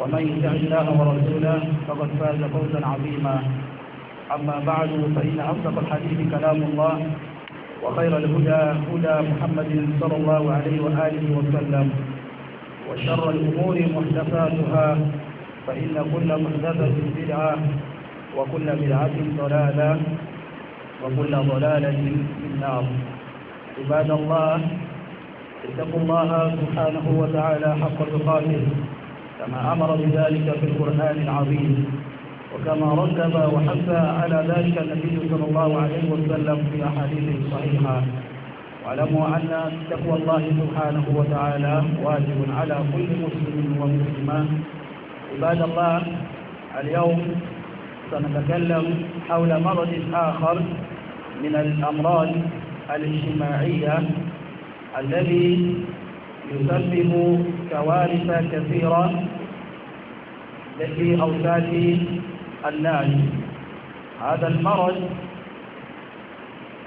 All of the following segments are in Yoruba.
ومن يطع الله ورسوله فقد فاز فوزا عظيما أما بعد فإن أصدق الحديث كلام الله وخير الهدى هدى محمد صلى الله عليه وآله وسلم وشر الأمور محدثاتها فإن كل محدثة بدعة وكل بدعة ضلالة وكل ضلالة في النار عباد الله اتقوا الله سبحانه وتعالى حق تقاته كما أمر بذلك في القرآن العظيم وكما رتب وحث على ذلك النبي صلى الله عليه وسلم في أحاديثه الصحيحة واعلموا أن تقوى الله سبحانه وتعالى واجب على كل مسلم ومسلمة عباد الله اليوم سنتكلم حول مرض آخر من الأمراض الاجتماعية الذي يسبب كوارث كثيرة في أوساط الناس هذا المرض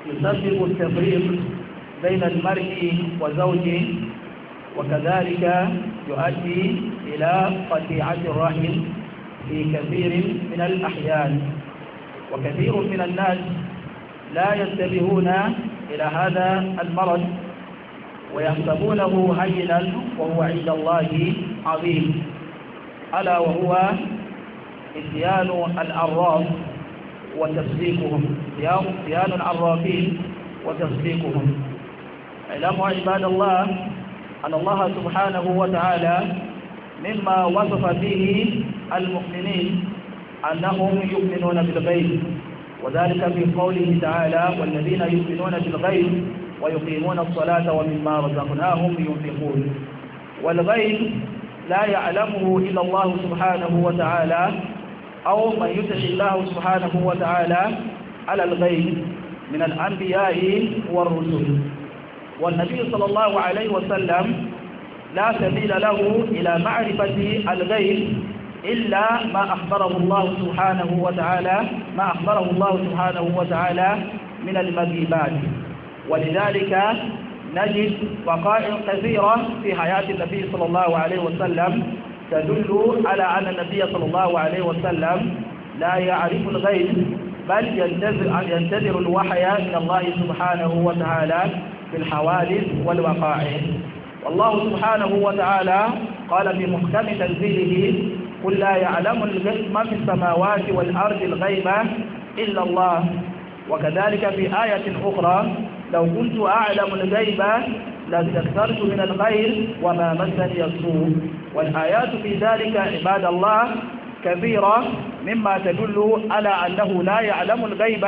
يسبب التفريق بين المرء وزوجه وكذلك يؤدي إلى قطيعة الرحم في كثير من الأحيان وكثير من الناس لا ينتبهون إلى هذا المرض ويحسبونه هينا وهو عند الله عظيم ألا وهو اتيان الأراف وتصديقهم اتيان العرافين وتصديقهم اعلموا عباد الله أن الله سبحانه وتعالى مما وصف به المؤمنين أنهم يؤمنون بالغيب وذلك في قوله تعالى والذين يؤمنون بالغيب ويقيمون الصلاة ومما رزقناهم ينفقون والغيب لا يعلمه إلا الله سبحانه وتعالى أو من يتش الله سبحانه وتعالى على الغيب من الأنبياء والرسل والنبي صلى الله عليه وسلم لا سبيل له إلى معرفة الغيب إلا ما أخبره الله سبحانه وتعالى ما أخبره الله سبحانه وتعالى من المغيبات ولذلك نجد وقائع كثيرة في حياة النبي صلى الله عليه وسلم تدل على أن النبي صلى الله عليه وسلم لا يعرف الغيب بل ينتظر الوحي من الله سبحانه وتعالى في الحوادث والوقائع والله سبحانه وتعالى قال في محكم تنزيله قل لا يعلم الغيب في السماوات والأرض الغيبة إلا الله وكذلك في آية أخرى لو كنت أعلم الغيب لاستكثرت من الخير وما مسني السوء والآيات في ذلك عباد الله كثيرة مما تدل على أنه لا يعلم الغيب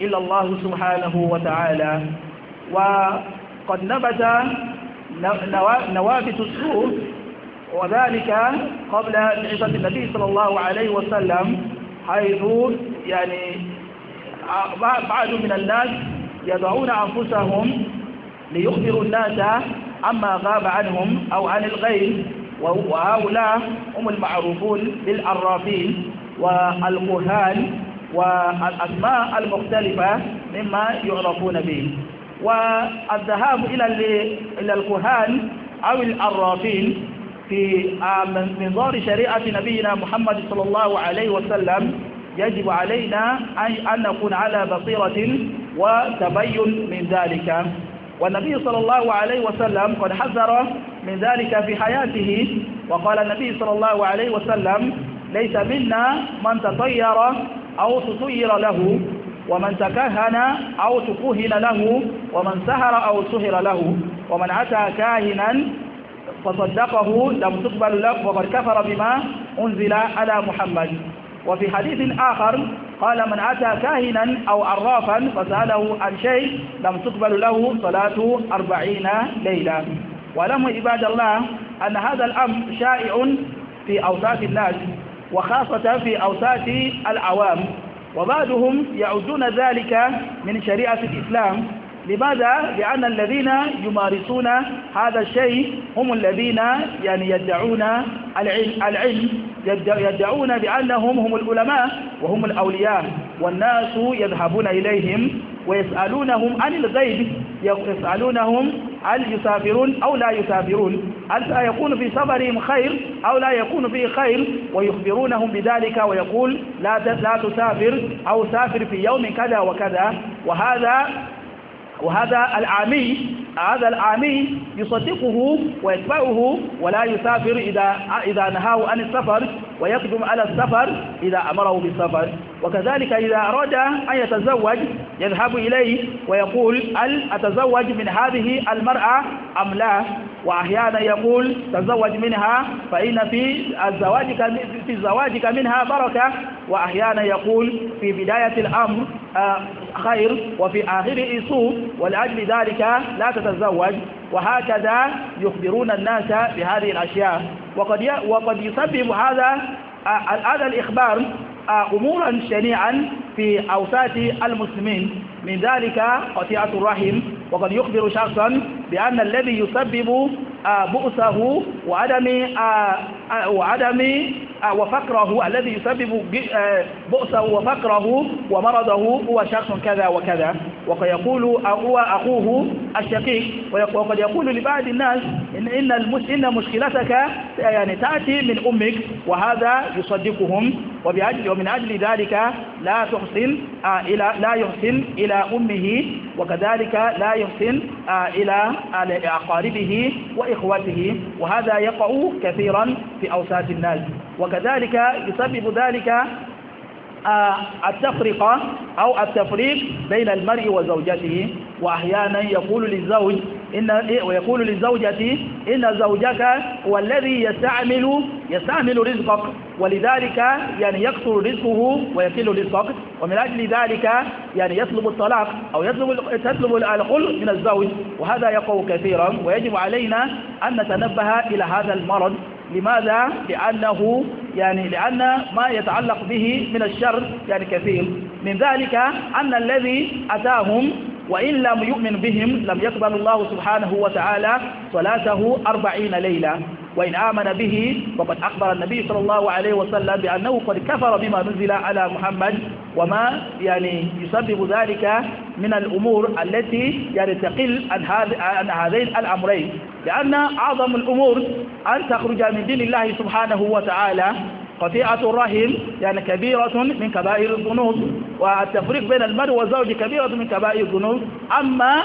إلا الله سبحانه وتعالى وقد نبت نوابت السوء وذلك قبل بعثة النبي صلى الله عليه وسلم حيث يعني بعض من الناس يضعون أنفسهم ليخبروا الناس عما غاب عنهم أو عن الغيب وهؤلاء هم المعروفون بالعرافين والقهان والأسماء المختلفة مما يعرفون به والذهاب إلى إلى الكهان أو العرافين في منظار شريعة نبينا محمد صلى الله عليه وسلم يجب علينا أن نكون على بصيرة وتبين من ذلك والنبي صلى الله عليه وسلم قد حذر من ذلك في حياته وقال النبي صلى الله عليه وسلم ليس منا من تطير أو تطير له ومن تكهن أو تكهن له ومن سهر أو سهر له ومن أتى كاهنا فصدقه لم تقبل له وقد كفر بما أنزل على محمد وفي حديث آخر قال من أتى كاهنا أو عرافا فسأله عن شيء لم تقبل له صلاة أربعين ليلة ولم عباد الله أن هذا الأمر شائع في أوساط الناس وخاصة في أوساط العوام وبعضهم يعدون ذلك من شريعة الإسلام لماذا؟ لأن الذين يمارسون هذا الشيء هم الذين يعني يدعون العلم, العلم يدعون بأنهم هم العلماء وهم الأولياء والناس يذهبون إليهم ويسألونهم عن الغيب يسألونهم هل يسافرون أو لا يسافرون هل سيكون في سفرهم خير أو لا يكون فيه خير ويخبرونهم بذلك ويقول لا لا تسافر أو سافر في يوم كذا وكذا وهذا وهذا العامي هذا العامي يصدقه ويتبعه ولا يسافر إذا إذا نهاه عن السفر ويقدم على السفر إذا أمره بالسفر وكذلك إذا أراد أن يتزوج يذهب إليه ويقول هل أتزوج من هذه المرأة أم لا وأحيانا يقول تزوج منها فإن في الزواجك في زواجك منها بركة وأحيانا يقول في بداية الأمر آه، خير وفي آخره سوء ولأجل ذلك لا تتزوج وهكذا يخبرون الناس بهذه الأشياء وقد وقد يسبب هذا آه، هذا الإخبار آه، أمورا شنيعا في أوساط المسلمين من ذلك قطيعة الرحم وقد يخبر شخصا بأن الذي يسبب آه، بؤسه وعدم آه، آه، وعدم وفقره الذي يسبب بؤسه وفقره ومرضه هو شخص كذا وكذا وقد هو أخوه الشقيق وقد يقول لبعض الناس إن, إن, إن مشكلتك يعني تأتي من أمك وهذا يصدقهم وبأجل ومن أجل ذلك لا تحسن إلى لا يحسن إلى أمه وكذلك لا يحسن إلى على أقاربه وإخوته وهذا يقع كثيرا في أوساط الناس وكذلك يسبب ذلك آه، التفرقة أو التفريق بين المرء وزوجته وأحيانا يقول للزوج إن إيه، ويقول للزوجة إن زوجك هو الذي يستعمل يستعمل رزقك ولذلك يعني يكثر رزقه ويقل رزقك ومن أجل ذلك يعني يطلب الطلاق أو يطلب تطلب الخل من الزوج وهذا يقع كثيرا ويجب علينا أن نتنبه إلى هذا المرض لماذا؟ لأنه يعني لأن ما يتعلق به من الشر يعني كثير من ذلك أن الذي أتاهم وإن لم يؤمن بهم لم يقبل الله سبحانه وتعالى صلاته أربعين ليلة وإن آمن به وقد أخبر النبي صلى الله عليه وسلم بأنه قد كفر بما نزل على محمد وما يعني يسبب ذلك من الأمور التي يعني تقل عن هذين الأمرين لأن أعظم الأمور أن تخرج من دين الله سبحانه وتعالى قطيعة الرحم يعني كبيرة من كبائر الذنوب والتفريق بين المرء والزوج كبيرة من كبائر الذنوب أما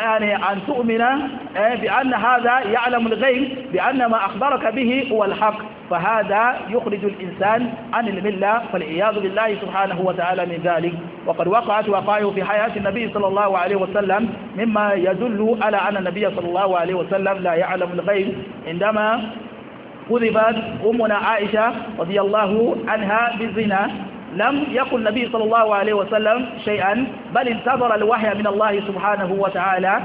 يعني أن تؤمن آه، بأن هذا يعلم الغيب بأن ما أخبرك به هو الحق فهذا يخرج الإنسان عن الملة فالعياذ بالله سبحانه وتعالى من ذلك وقد وقعت وقائع في حياة النبي صلى الله عليه وسلم مما يدل على أن النبي صلى الله عليه وسلم لا يعلم الغيب عندما كذبت أمنا عائشة رضي الله عنها بالزنا لم يقل النبي صلى الله عليه وسلم شيئا بل انتظر الوحي من الله سبحانه وتعالى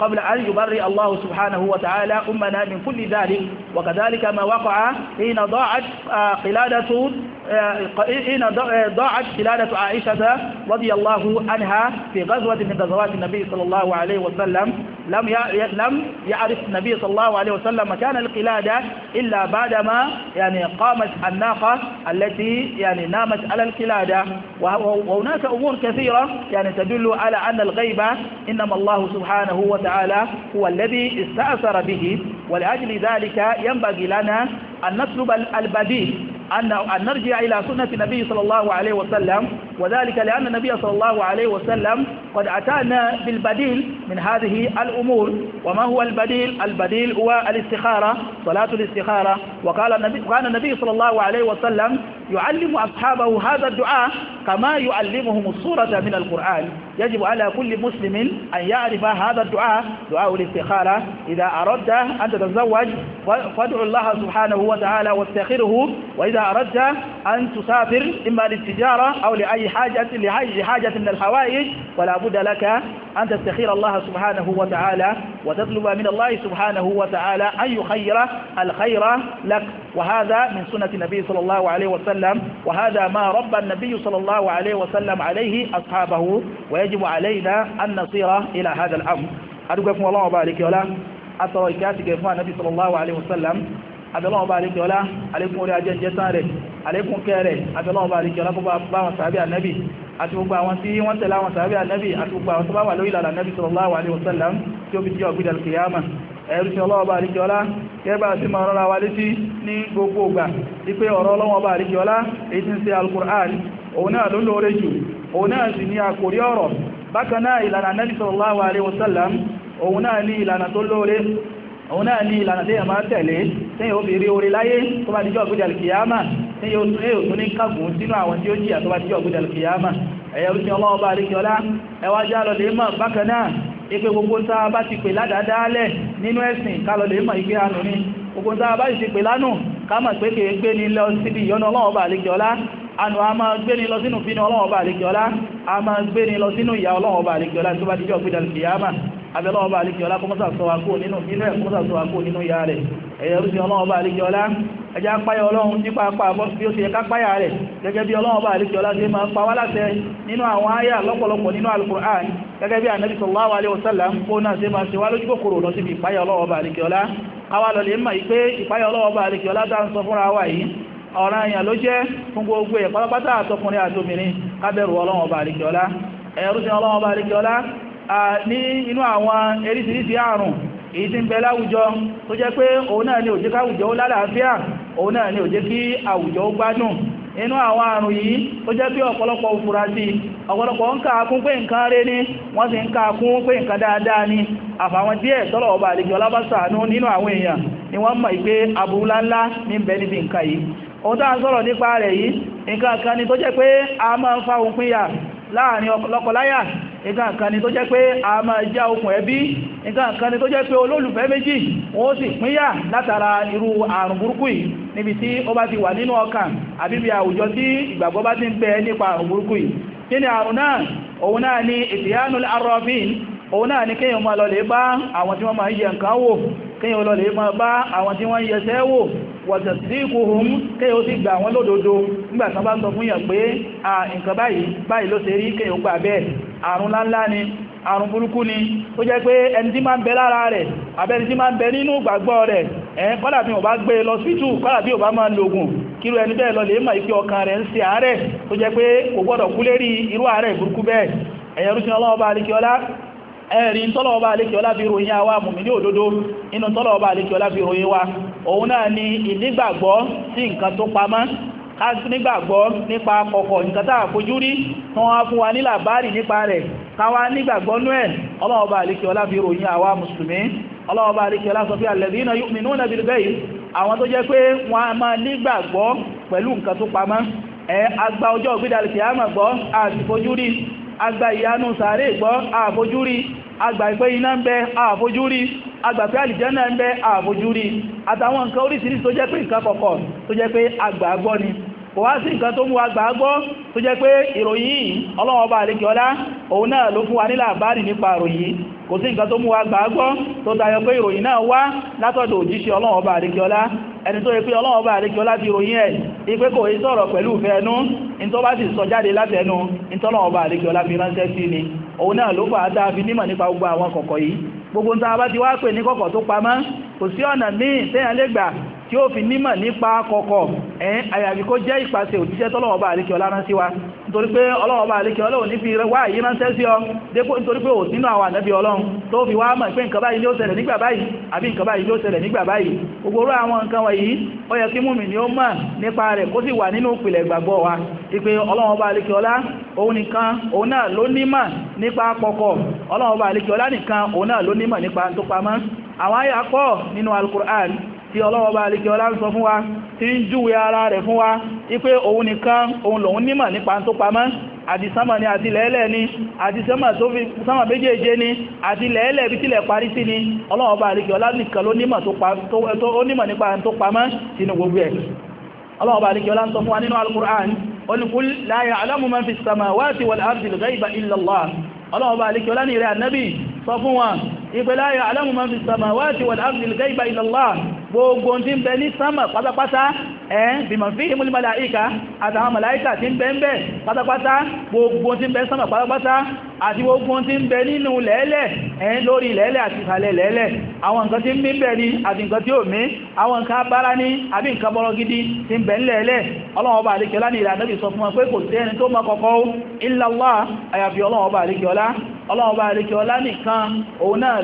قبل أن يبرئ الله سبحانه وتعالى أمنا من كل ذلك وكذلك ما وقع حين ضاعت آه، قلادة آه، آه، حين ضاعت قلادة عائشة رضي الله عنها في غزوة من غزوات النبي صلى الله عليه وسلم لم لم يعرف النبي صلى الله عليه وسلم مكان القلادة إلا بعدما يعني قامت الناقة التي يعني نامت على القلادة وهناك أمور كثيرة يعني تدل على أن الغيبة إنما الله سبحانه وتعالى هو الذي استأثر به ولأجل ذلك ينبغي لنا أن نطلب البديل أن نرجع إلى سنة النبي صلى الله عليه وسلم وذلك لأن النبي صلى الله عليه وسلم قد أتانا بالبديل من هذه الأمور وما هو البديل؟ البديل هو الاستخارة صلاة الاستخارة وقال النبي, وكان النبي صلى الله عليه وسلم يعلم أصحابه هذا الدعاء كما يعلمهم الصورة من القرآن يجب على كل مسلم أن يعرف هذا الدعاء دعاء الاستخارة إذا أردت أن تتزوج فادعو الله سبحانه وتعالى واستخره وإذا إذا أردت أن تسافر إما للتجارة أو لأي حاجة, لأي حاجة من الحوائج ولا بد لك أن تستخير الله سبحانه وتعالى وتطلب من الله سبحانه وتعالى أن يخير الخير لك وهذا من سنة النبي صلى الله عليه وسلم وهذا ما رب النبي صلى الله عليه وسلم عليه أصحابه ويجب علينا أن نصير إلى هذا الأمر أدوكم الله وبارك ولا أترى كاتك النبي صلى الله عليه وسلم abẹ́lọ́wọ́ bá alékẹ́ ọlá alékún orí ajẹ́jẹ́ tán rẹ̀ alékún kẹ́ rẹ̀ abẹ́lọ́wọ́ bá alékẹ́ ọlá kó bá wọn sàábí ànẹ́bì àti gbogbo àwọn tí wọ́n tẹ̀lé àwọn sàábí ànẹ́bì àti gbogbo àwọn tó bá wà lórí ìlànà ànẹ́bì sallallahu alaihi wasallam tí ó fi jẹ́ ọ̀gbìdà kìyàmà ẹ̀rù sí ọlọ́wọ́ bá àríkẹ́ sí ma rọra wa létí ní gbogbo ògbà òun náà ni ìlànà tẹ́yàn máa tẹ̀lé tẹ́yàn ó fi rí orí láyé tó bá díjọ́ ọ̀gbẹ́dẹ̀ alkiyama tẹ́yàn ó tún ní kàgùn sínú àwọn tí ó jìyà tó bá díjọ́ ọ̀gbẹ́dẹ̀ alkiyama ẹ̀yà orí dị bá alékiọlá ẹwà já lọ lè mọ̀ bákan ipé gbogbo tá a bá ti pè ládàádáálẹ̀ nínú ẹ̀sìn ká lè mọ̀ ìgbé ni gbogbo tá a bá ti pè lánù ká mọ̀ pé kèé gbé ní lọ síbi ìyọ́nà ọlọ́wọ́ bá alékiọlá ànú a máa gbé lọ sínú ọlọ́wọ́ bá a máa gbé abẹ́lọ́wọ́ bá alékẹ́ ọlá kọmọ́sà sọ wá kó nínú ilẹ̀ kọmọ́sà sọ wá kó nínú ya rẹ̀ ẹ̀yẹ rúsí ọlọ́wọ́ bá alékẹ́ ọlá ẹjá páyà ọlọ́run nípa apá bí ó ti ẹka páyà rẹ̀ gẹ́gẹ́ bí ọlọ́wọ́ bá alékẹ́ ọlá ṣe máa pa wá láṣẹ nínú àwọn àyà lọ́pọ̀lọpọ̀ nínú alukur'an gẹ́gẹ́ bí anabi sallallahu alaihi wasallam kó náà ṣe máa ṣe wá lójú kòkòrò lọ síbi ìpáyà ọlọ́wọ́ bá alékẹ́ ọlá àwa lọ lè mọ̀ pé ìpáyà ọlọ́wọ́ ló jẹ́ fún gbogbo ẹ̀ àtọkùnrin àtòmìnrin kábẹ̀rù ọlọ́wọ́ bá ọlá ẹ̀rú sí ọlọ́wọ́ ọlá ní inú àwọn eríṣiríṣi àrùn èyí tí ń bẹ láwùjọ tó jẹ́ pé òun náà ni ó jẹ́ lada ó lálàáfíà òun náà ni ó jẹ́ kí àwùjọ ó gbádùn inú àwọn àrùn yìí tó jẹ́ pé ọ̀pọ̀lọpọ̀ òfurasí ọ̀pọ̀lọpọ̀ ń káàkún pé nǹkan rẹ̀ ní wọ́n sì ń káàkún pé nǹkan dáadáa ní àfàwọn díẹ̀ tọ́lọ̀ ọba àlejò alábásàánú nínú àwọn èèyàn ni wọ́n mọ̀ ìpé aburú ní bẹ níbi ni tó jẹ́ a máa ń fa òpin yà láàrin nǹkan kan ni tó jẹ́ pé a máa já okùn ẹbí nǹkan kan ni tó jẹ́ pé olólùfẹ́ méjì wọ́n sì pínyà látara irú àrùn burúkú yìí níbi tí ó bá ti wà nínú ọkàn àbíbi àwùjọ tí ìgbàgbọ́ bá ti ń bẹ nípa àrùn burúkú yìí kí ni àrùn náà òun náà ni wọ̀tẹ̀síkùhùn kí o sì gbà wọn lódodo nígbàtán bá sọ fún yàn pé à nǹkan báyìí báyìí ló ṣe rí kí o gbà bẹ́ẹ̀ àrùn láńlá ni àrùn burúkú ni ó jẹ́ pé ẹni tí máa ń bẹ lára rẹ̀ àbẹ́ni tí máa ń bẹ nínú ìgbàgbọ́ rẹ̀ kọ́lá o bá gbé e lọ síìtù kọ́lá bí o bá máa lògùn ẹni bẹ́ẹ̀ lọ lè máa ìfẹ́ ọkàn rẹ̀ ń jẹ́ pé kò gbọ́dọ̀ kú lérí irú burúkú bẹ́ẹ̀ òun náà ni ìnígbàgbọ́ sí nǹkan tó pamọ́ ká nígbàgbọ́ nípa kọ̀kọ̀ nǹkan tá àfojú rí tí wọ́n fún wa ní làbárì nípa rẹ̀ káwa nígbàgbọ́ nú ẹ̀ ọlọ́ọ̀bá àríkẹ́ ọlá fi ròyìn àwa mùsùlùmí ọlọ́ọ̀bá àríkẹ́ ọlá sọ pé alladhina yu'minuna bil ghaib àwọn tó jẹ́ pé wọ́n a máa nígbàgbọ́ pẹ̀lú nǹkan tó pamọ́ ẹ agba ọjọ́ ògbídàlì kìí àmà gbọ́ àtìfojúrí agba ìyanu sàárè gbọ́ àfojúrí agba ìpé iná ń bẹ àfojúrí agbàfẹ́ àlìjẹ́nà ń bẹ àfojúrí àtàwọn nǹkan oríṣiríṣi tó jẹ́ pé nǹkan kọ̀kọ̀ tó jẹ́ pé àgbàgbọ́ ni kò wá sí nǹkan tó mú àgbàgbọ́ tó jẹ́ pé ìròyìn yìí ọlọ́wọ́ bá àlékẹ́ ọlá òun wa nílà bárì nípa ìròyìn kò sí nǹkan tó mú àgbàgbọ́ tó tayọ pé ìròyìn náà wá látọ̀dọ̀ òjíṣẹ́ ọlọ́wọ́ bá àlékẹ́ ọlá ẹni tó yẹ pé ọlọ́wọ́ bá àlékẹ́ ọlá ti ròyìn ẹ̀ ipé kò yí sọ̀rọ̀ pẹ̀lú ìfẹ́ ẹnu in bá sì sọ jáde látẹnu in tọ́lọ́wọ́ bá àlékẹ́ ọlá fi ránṣẹ́ sí ni òun náà ló fà á dáa fi nímọ̀ nípa gbogbo àwọn kọ̀kọ̀ yìí gbogbo ń tàbá ti wá pè ní kọ̀kọ̀ tó pamọ́ kò sí ọ̀nà míì tẹ́yàn lè gbà tí ó fi nímọ̀ nípa kọ̀kọ̀ ẹ̀yìn kó jẹ́ ìpasẹ̀ òjíṣẹ́ tọ́lọ̀wọ̀ bá àríkẹ́ ọlá rán sí wa nítorí pé ọlọ́wọ́ bá alékẹ́ ọlọ́wọ́ ní fi wá àyí ránṣẹ́ sí ọ dépò nítorí pé ò nínú àwọn ànábì ọlọ́run tó fi wá mọ̀ pé nǹkan báyìí ló ṣẹlẹ̀ nígbà báyìí àbí nǹkan báyìí ló ṣẹlẹ̀ nígbà báyìí gbogbo àwọn nǹkan wọ̀nyí ó yẹ kí múmi ni ó mọ̀ nípa rẹ̀ kó sì wà nínú ìpìlẹ̀ ìgbàgbọ́ wa ipe ọlọ́wọ́ bá alékẹ́ ọlá òun nìkan òun náà ló nímọ̀ nípa pọ̀kọ̀ ọlọ́wọ́ bá alékẹ́ ọlá nìkan òun náà ló nímọ̀ nípa tó pamọ́ àwọn àyà pọ̀ nínú alukur'an tí ọlọ́wọ́ bá alikẹ́ ọlá ń sọ fún wa tí ń júwe ara rẹ̀ fún wa ipé òun nìkan òun lòun nímọ̀ nípa tó pamọ́ àti sánmà ni àti lẹ́ẹ̀lẹ̀ ni àti sánmà méjèèje ni àti lẹ́ẹ̀lẹ̀ bí tílẹ̀ parí sí ni ọlọ́wọ́ bá alikẹ́ ọlá nìkan ló nímọ̀ nípa tó pamọ́ sínú gbogbo ẹ̀ ọlọ́wọ́ bá alikẹ́ ọlá ń sọ fún wa nínú al-Qur'an olùkúl la ìgbèlá ya'lamu man fi samawati wal ardi al-ghayba illa Allah gbogbo tí ń bẹ ní sánmà pátápátá ẹ̀ẹ́n bima fihimul malaika àtàwọn màláíkà tí ń bẹ ń bẹ pátápátá gbogbo tí ń bẹ sánmà pátápátá àti gbogbo tí ń bẹ nínú lẹ́ẹ̀lẹ̀ ẹ̀ẹ́n lórí lẹ́ẹ̀lẹ̀ àti ìsàlẹ̀ lẹ́ẹ̀lẹ̀ àwọn nǹkan tí ń mí bẹ̀ ni àti nǹkan tí ò mí àwọn nǹkan abára ní àbí nǹkan bọ́rọ̀ gidi tí ń bẹ ńlẹ̀ẹ́lẹ̀ ọlọ́run ọba àríkẹ́lá ní ìlànàbì sọ fún wọn pé kò sí ẹni tó mọ̀ kọ́kọ́ illa Allah àyàfi ọlọ́run ọba àríkẹ́ọlá ọlọ́run ọba àríkẹ́ọlá nìkan òun náà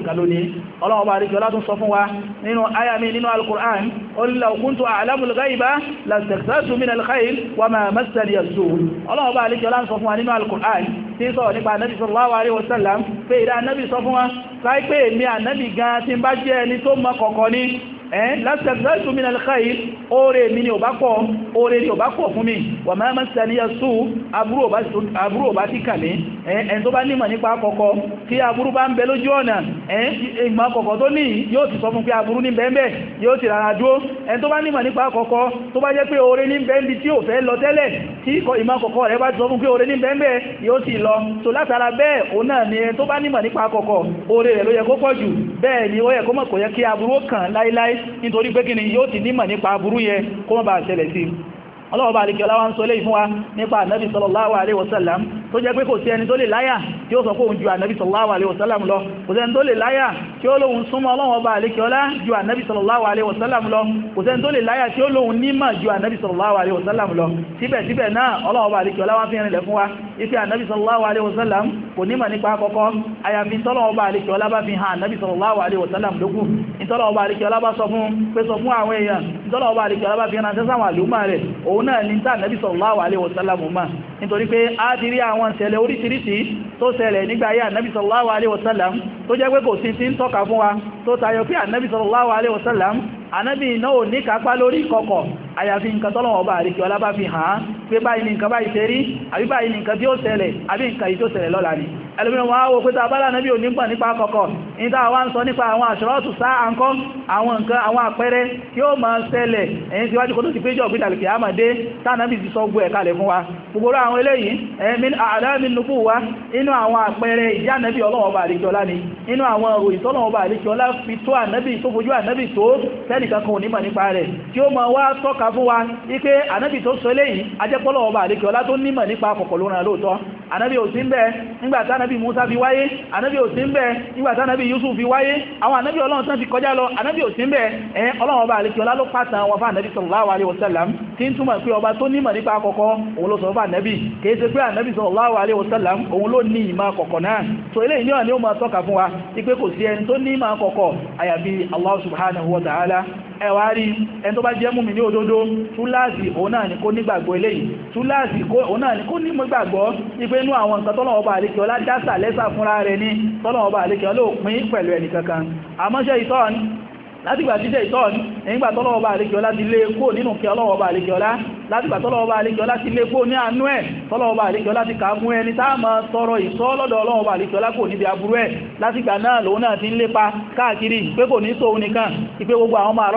nìkan lónìí ọlọ́wọ́ bá ríkẹ́ látún sọ fún wa nínú ayami nínú al-Qur'an olílà òkúntù àlámùl gáìbá lásẹ̀kẹ́sù min al-khayr wa ma massani as-su' ọlọ́wọ́ bá ríkẹ́ látún sọ fún wa nínú al-Qur'an tí ń sọ nípa anábì sallallahu alaihi lásìkò mìíràn káyí oore mi ni ò bá pọ̀ oore ni ò bá pọ̀ fún mi wà máa máa sàníyà sú àbúrò ò bá ti kà mí eh, ẹni tó bá nímọ̀ nípa àkọ́kọ́ kí àbúrú bá ń bẹ lójú ọ̀nà eh, ìgbà àkọ́kọ́ tó ní yóò ti sọ fún pé àbúrú ní bẹ́ẹ̀ yóò ti rárá dúó ẹni tó bá nímọ̀ nípa àkọ́kọ́ tó bá jẹ́ pé oore ní bẹ́ẹ̀bì tí ò fẹ́ lọ tẹ́lẹ̀ tí ìmọ̀ àkọ́kọ́ rẹ̀ bá ti sọ fún pé oore ní bẹ́ẹ̀ yóò ti lọ so látara bẹ́ẹ̀ òun náà ni ẹni tó bá nímọ̀ nípa àkọ́kọ́ oore rẹ̀ ló yẹ kó pọ̀ jù bẹ́ẹ̀ ni ó yẹ kó mọ̀ kò yẹ kí àbúrú kàn láíláí nítorí pé kí ni yóò ti nímọ̀ nípa aburú yẹn kó má bàa ṣẹlẹ̀ sí ọlọ́ọ̀bá àríkẹ́ ọlá wá ń sọ lé ìfún wa nípa ànábì sallallahu alaihi wasallam tó jẹ́ pé kò sí ẹni tó lè láyà tí ó sọ pé òun ju ànábì sallallahu alaihi wasallam lọ kò sẹ́ni tó lè láyà tí ó lóhun súnmọ́ ọlọ́ọ̀bá àríkẹ́ ọlá ju ànábì sallallahu alaihi wasallam lọ kò sẹ́ni tó lè láyà tí ó lóhun nímà ju ànábì sallallahu alaihi wasallam lọ síbẹ̀síbẹ̀ náà ọlọ́ọ̀bá àríkẹ́ ọlá wá fi rìnlẹ̀ fún wa ife ànábì sallallahu alaihi wasallam kò nímà nípa àkọ́kọ́ àyàfi tọ́lọ́ọ̀bá àríkẹ́ ọlá bá fi hàn ànábì sallallahu alaihi wasallam lókù ìtọ́lọ̀ ọba àríkẹ́ ọlọ́bá fi ránṣẹ́ sáwọn àlúmà rẹ̀ òun náà ní tàà nẹ́bí sallallahu alaihi wasallam ma nítorí pé a ti rí àwọn ìṣẹ̀lẹ̀ oríṣiríṣi tó ṣẹlẹ̀ nígbà ayé ànẹ́bí sallallahu alaihi wasallam tó jẹ́ pé kò sí àyàfi nǹkan tọ́lọ̀wọ̀ bá àríkẹ́ ọlá bá fi hàn pé báyìí ní nǹkan báyìí tẹ́rí àbí báyìí ní nǹkan tí ó ṣẹlẹ̀ àbí nǹkan yìí tó ṣẹlẹ̀ lọ́la ni ẹlùmíràn wọ́n á wò pé tàbálà náà bí ò nípa nípa kọ̀kọ̀ ní tàà wá ń sọ nípa àwọn àṣírọ́tù sáà àǹkọ́ àwọn nǹkan àwọn àpẹẹrẹ tí ó máa ń ṣẹlẹ̀ ẹ̀yìn síwájú kó tó ti péjọ gbídà lèkè àmàdé tánàbì ti sọ gbọ́ ẹ̀kalẹ̀ fún wa gbogbo àwọn eléyìí ẹ̀mìn àdáminúkú wa inú àwọn àpẹẹrẹ ìyánàbì ọlọ́wọ́ba àríkíọlá ni inú àwọn òyìn tọ́lọ́wọ́ba àríkíọlá wa fún wa ike ànábì tó sọ eléyìí ajẹ́pọ́lọ̀ ọba àdékẹ́ ọlá tó nímọ̀ nípa kọ̀kọ̀ ló ràn lóòtọ́ ànábì ò sí ń bẹ nígbàtá ànábì Musa fi wáyé ànábì ò sí ń bẹ nígbàtá ànábì Yusuf fi wáyé àwọn ànábì ọlọ́run tán ti kọjá lọ ànábì ò sí ń bẹ ẹ ọlọ́run ọba àdékẹ́ ọlá ló pàtàn wọn fún ànábì sallallahu alaihi wasallam tí ń túmọ̀ pé ọba tó nímọ̀ nípa kọ̀kọ̀ òun ló sọ fún ànábì kìí ṣe pé ànábì sallallahu alaihi wasallam òun ló ní ìmọ̀ kọ̀kọ̀ náà so eléyìí ní ọ̀nà ó máa tọ́ka fún wa ipe kò sí ẹni tó ní ìmọ̀ kọ̀kọ̀ àyàfi Allah subhanahu wa ta'ala ẹwà rí ẹni tó bá jẹ́ mú mi ní òdodo túláàsì òun náà ni kó nígbàgbọ́ eléyìí túláàsì òun náà ni kó ní gbàgbọ́ ipé inú àwọn nǹkan tọ́lọ̀wọ́ bá àlékẹ́ ọlá dásà lẹ́sà fúnra rẹ̀ ní tọ́lọ̀wọ́ bá àlékẹ́ ọlọ́pin pẹ̀lú ẹnìkankan àmọ́ṣẹ́ ìtọ́ni látìgbà títẹ̀ ìtọ́n nígbà tọ́lọ́wọ́ bá àríkíọlá ti lé e kó nínú kí ọlọ́wọ́ bá àríkíọlá látìgbà tọ́lọ́wọ́ bá àríkíọlá ti lé e kó ní àánú ẹ̀ tọ́lọ́wọ́ bá àríkíọlá ti kàákún ẹni tá ma tọrọ ìṣọ́ lọ́dọ̀ ọlọ́wọ́ bá àríkíọlá kò níbi aburú ẹ̀ látìgbà náà lòun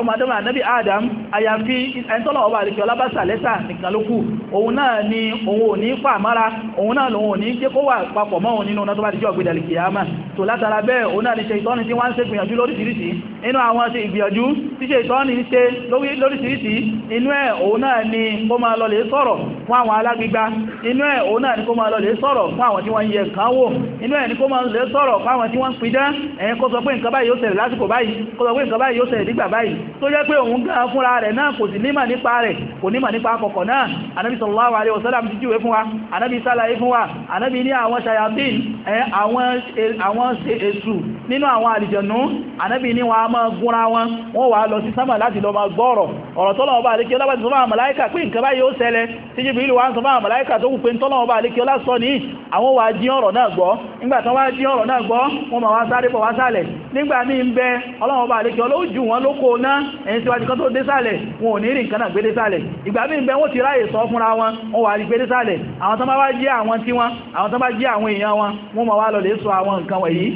náà ti Adam àyàfi ẹntọ́lọ̀ ọba àríkíọlá bá sàlẹ́sà nìkan ló kù ni òun ò ní pàmára òun náà lòun ò ní jẹ́ kó wà papọ̀ mọ́ òun nínú ọ̀nà tó bá ni ṣe ìtọ́ni tí wọ́n ń ṣe gbìyànjú lóríṣiríṣi àti ìgbìyànjú tí ṣe ìtọ́ni ṣe lóríṣìíríṣìí inú ẹ̀ òun náà ni kó máa lọ lè sọ̀rọ̀ fún àwọn alágbígbá inú ẹ̀ òun náà ni kó máa lọ lè sọ̀rọ̀ fún àwọn tí wọ́n yẹ nǹkan wò inú ẹ̀ ni kó máa lè sọ̀rọ̀ fún àwọn tí wọ́n pidán ẹ̀yìn kó sọ pé nǹkan báyìí yóò ṣẹlẹ̀ lásìkò báyìí kó sọ pé nǹkan báyìí yóò ṣẹlẹ̀ nígbà báyìí tó jẹ́ pé òun gan fúnra rẹ̀ náà kò sì nímọ̀ nípa rẹ̀ kò nímọ̀ nípa kọ̀kọ̀ náà anábì sallallahu alaihi wasallam ti júwe fún wa anábì sálàyé fún wa anábì ní àwọn ṣayatín àwọn èṣù nínú àwọn àlìjẹ̀nú anábì ní wọn a máa gúnra ara wọn wọ́n wà lọ sí sámà láti lọ máa gbọ́ọ̀rọ̀ ọ̀rọ̀ tọ́lọ̀ ọba àlékí ọlá bá ti sọ máa màláíkà pé nǹkan báyìí ó ṣẹlẹ̀ tí Jibril wá ń sọ máa màláíkà tó kù pé tọ́lọ̀ ọba àlékí ọlá sọ ní àwọn wà jí ọ̀rọ̀ náà gbọ́ nígbà tán wá jí ọ̀rọ̀ náà gbọ́ wọ́n máa wá sáré bọ̀ wá sálẹ̀ nígbà ní ń bẹ ọlọ́run ọba àlékí ọlọ́ jù wọn lóko náà ẹ̀yìn síwájú kan tó dé sálẹ̀ wọn ò ní rí nǹkan náà gbé dé sálẹ̀ ìgbà mí ń bẹ wọ́n ti ráyè sọ fúnra wọn wọn wà rí gbé dé sálẹ̀ àwọn tán bá wá jí àwọn tí wọn àwọn tán bá jí àwọn èèyàn wọn wọ́n máa wá lọ lè sọ àwọn nǹkan wọ̀nyí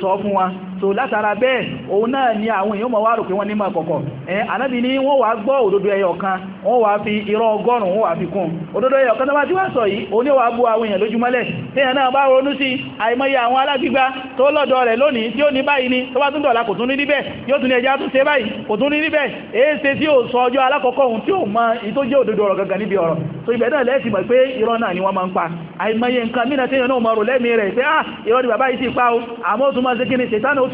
wọ́n so látara bẹ́ẹ̀ òun náà ni àwọn èèyàn mọ̀ wá rò pé wọ́n ní mọ̀ kọ̀kọ̀ ẹ̀ ànábì ní wọ́n wá gbọ́ òdodo ẹyọ kan wọ́n wá fi irọ́ ọgọ́rùn wọ́n wá fi kún òdodo ẹyọ kan tó bá ti wá sọ yìí òun yóò wá bú àwọn èèyàn lójúmọ́lẹ̀ tí èèyàn náà bá ronú sí àìmọye àwọn alágbígbá tó lọ́dọ̀ rẹ̀ lónìí tí ó ní báyìí ni tó bá tún dọ̀la kò tún ní níbẹ̀ yóò tún ní ẹja tún ṣe báyìí kò tún ní níbẹ̀ èé ṣe tí ó sọ ọjọ́ alákọ̀ọ́kọ́ ohun tí ó mọ ìtó jẹ́ òdodo ọ̀rọ̀ gangan níbi ọ̀rọ̀ so ibẹ̀ náà lẹ́ẹ̀sì mọ̀ pé irọ́ náà ni wọ́n máa ń pa àìmọye nǹkan mí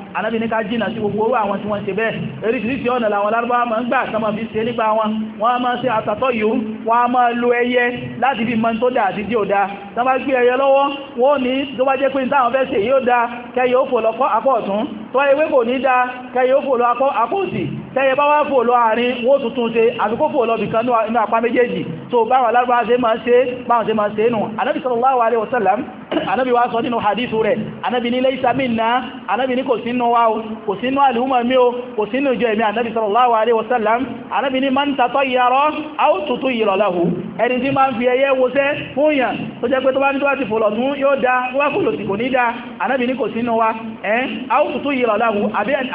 anábì ní ká jìnà sí gbogbo orú àwọn tí wọ́n ṣe bẹ́ẹ̀ eríṣiríṣi ọ̀nà làwọn lárúbáwá máa ń gbà sọmọ fi ṣe nípa wọn wọ́n a máa ṣe àtàtọ̀ yìí wọ́n a máa lo ẹyẹ láti fi mọ́n tó dà àti tí ò dá tán bá gbé ẹyẹ lọ́wọ́ wọ́n ní tó bá jẹ́ pé táwọn fẹ́ ṣe yóò dá kẹyẹ ó fò lọ apọ̀ ọ̀tún tó ewé kò ní dá kẹyẹ ó fò lọ apọ̀ òsì tẹ́yẹ bá wá fò lọ àárín wó tuntun ṣe àbíkó fò lọ bìkan nínú apá méjèèjì tó báwọn lárúbáwá ṣe máa ṣe báwọn ṣe máa ṣe nù anábì sallallahu alaihi wasallam wá sọ nínú hadithu rẹ̀ anábì ní laysa minna anábì ní kò sínú sínú wa o kò sínú àlùmọ̀ mi o kò sínú ìjọ ẹ̀mí ànábì sallallahu alaihi wasallam ànábì ní man tatayyara aw tutayyara lahu ẹni tí máa ń fi ẹyẹ wọṣẹ́ fún yàn tó jẹ́ pé tó bá ní tó bá ti fò lọ́tún yóò dá wá kò lahu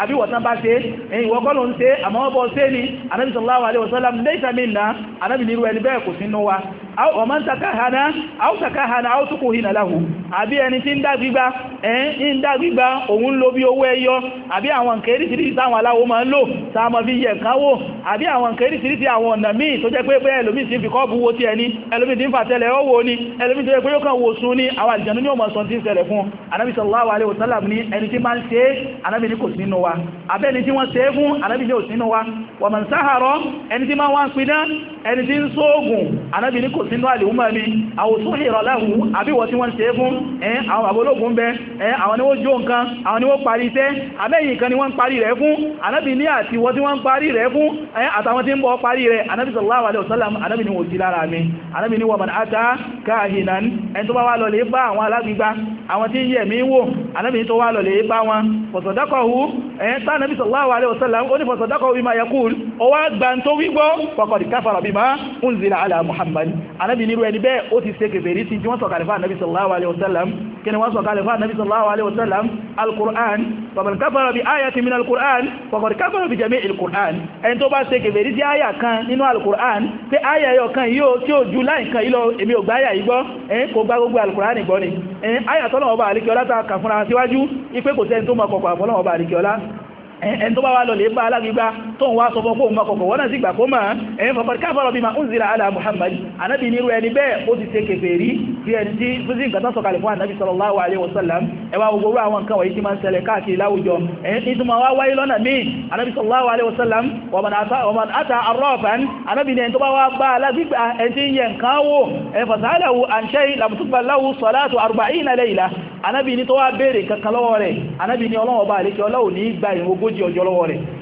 àbí wọ̀tán bá ṣe ẹ̀yìn ìwọ́kọ́ ló ń ṣe àmọ́ bọ́ ṣe ni ànábì sallallahu alaihi wasallam laysa minna ànábì wa man takahana aw takahana aw tukuhina lahu àbí ẹni tí ń dá gbígbá ẹ̀yìn ń dá gbígbá òun ló bí owó ẹyọ àbí àwọn nǹkan eríṣiríṣi táwọn aláwo máa ń lò sáàmọ́ fi yẹ nǹkan wò àbí àwọn nǹkan eríṣiríṣi àwọn ọ̀nà míì tó jẹ́ pé bẹ́ẹ̀ ẹlòmí sí fi kọ́ọ̀bù wo ti ẹni ẹlòmí ti ń fàtẹ́lẹ̀ ó wo ni ẹlòmí tó jẹ́ pé yóò kàn wò sún ní àwọn àlìjẹ̀nú ní ọmọ sọ tí ń ṣẹlẹ̀ fún anábì sallallahu alaihi wasallam ní ẹni tí máa ń ṣe anábì ní kò sí nínú wa àbẹ́ni tí wọ́n ṣe fún anábì ní kò sí nínú wa wa man sahara ẹni tí máa ń wá ń piná ẹni tí ń sóògùn anábì ní kò sínú àlèúmọ̀ mi àwòsún ìrọ̀láhù àbíwọ̀ tí wọ́n ṣe fún ẹn àwọn àbólógún bẹ ẹn àwọn ni ó jó nǹkan àwọn ni ó parí iṣẹ́ abẹ́yìn nǹkan ni wọ́n parí rẹ̀ fún anábì ní àti wọ́n tí wọ́n parí rẹ̀ fún ẹn àtàwọn tí ń bọ́ parí rẹ̀ anábì sallallahu alaihi wasallam anábì ni ata káàhìnan ẹn tó bá wá lọ lè bá àwọn alágbígbá àwọn tí ń yẹ̀ mí wò anábì tó wá lọ lè bá wọn fọ̀sọ̀dákọ̀hù ẹn tá anábì sallallahu bima unzila ala muhammad anabi niru ẹni bẹ́ẹ̀ ó ti ṣe kèfèrí sí tí wọ́n sọ kalifa anabi sallallahu alaihi wasallam kí ni wọ́n sọ kalifa anabi sallallahu alaihi wasallam alkur'an faman kafara bi ayati min alkur'an faqad kafara bi jami' alkur'an ẹni tó bá ṣe kèfèrí sí aya kan nínú alkur'an pé aya yọ kan yóò tí ó ju láì kan ilọ̀ èmi ò gba aya yìí kò gba gbogbo alkur'an gbọ́ ni eh aya tọ́lọ́wọ́ ẹn tó bá wá lọlẹ̀ bá alágbígbá tó ń wá sọ fọ́kó mọ́kọ̀kọ̀ wọ́n náà sí gbà kó máa ẹ̀yìn fọ́kọ̀rọ̀ káfàrọ̀ bí ma ń zira ala Muhammad anábi nírú ẹni bẹ́ẹ̀ ó ti ṣe kèfèrí bí ẹni tí fúsí alaihi wasallam ẹwà gbogbo àwọn nǹkan wọ̀nyí tí máa ń ṣẹlẹ̀ káàkiri láwùjọ ẹ̀yìn tí alaihi wasallam wọ̀n ata arọ́fan anábi ni ẹni tó bá wá bá alágbígbá ẹni tí ń yẹ nǹkan wò salatu arba'ina layla anábi ni tó wá béèrè kankan lọ́wọ́ rẹ̀ anábi ni ọlọ́wọ́ bá àlékẹ́ ogójì ọjọ́ lọ́wọ́ rẹ̀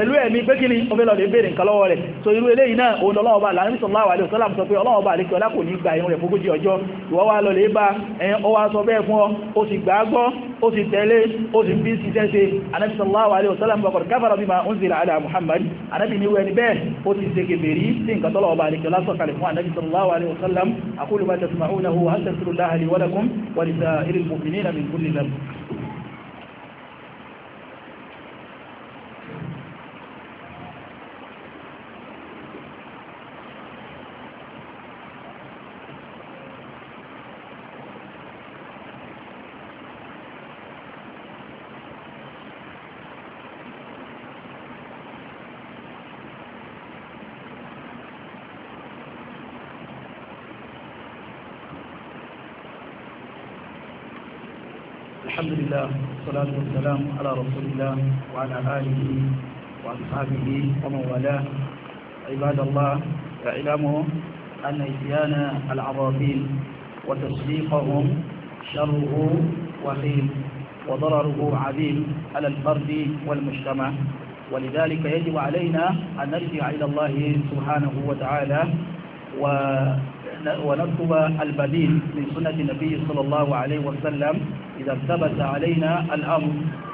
pẹ̀lú ẹ̀mí pé kíni ó fẹ́ bèèrè nǹkan rẹ̀ so irú eléyìí náà òun lọ́wọ́ bá láàrín sọ̀lá wà lè sọ́lá sọ pé ọlọ́wọ́ bá lékẹ́ ọlá kò ní gba irun rẹ̀ fógójì ọjọ́ ìwọ́ wá lọ lè bá ẹ̀yẹn ó wá sọ bẹ́ẹ̀ fún ọ ó sì gbà á gbọ́ ó sì tẹ̀lé ó sì bí ṣiṣẹ́ ṣe anábì sallallahu alaihi wasallam bọ̀kọ̀ káfàrà bí máa ń zèrè àdá muhammad anábì ní wẹni bẹ́ẹ̀ ó الله والصلاة والسلام على رسول الله وعلى آله وأصحابه ومن والاه عباد الله اعلموا أن إتيان العراضيل وتشريقهم شره وخيم وضرره عظيم على الفرد والمجتمع ولذلك يجب علينا أن نرجع إلى الله سبحانه وتعالى و ونطلب البديل من سنة النبي صلى الله عليه وسلم إذا ثبت علينا الأمر